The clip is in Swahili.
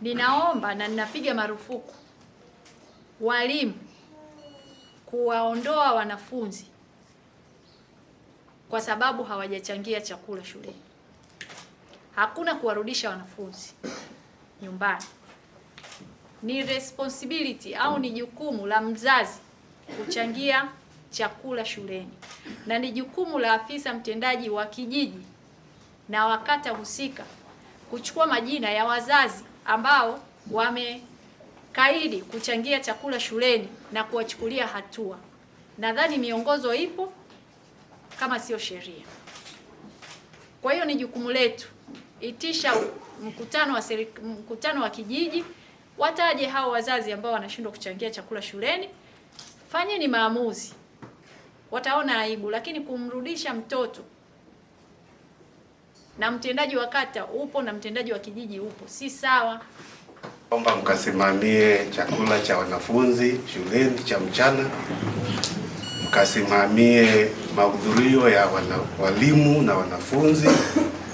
ninaomba na ninapiga marufuku walimu kuwaondoa wanafunzi kwa sababu hawajachangia chakula shuleni. Hakuna kuwarudisha wanafunzi nyumbani. Ni responsibility au ni jukumu la mzazi kuchangia chakula shuleni na ni jukumu la afisa mtendaji wa kijiji na wakata husika kuchukua majina ya wazazi ambao wamekaidi kuchangia chakula shuleni na kuwachukulia hatua. Nadhani miongozo ipo kama sio sheria. Kwa hiyo ni jukumu letu, itisha mkutano wa seri, mkutano wa kijiji, wataje hao wazazi ambao wanashindwa kuchangia chakula shuleni, fanyeni maamuzi. Wataona aibu, lakini kumrudisha mtoto na mtendaji wa kata upo na mtendaji wa kijiji upo, si sawa. Naomba mkasimamie chakula cha wanafunzi shuleni cha mchana, mkasimamie mahudhurio ya wana, walimu na wanafunzi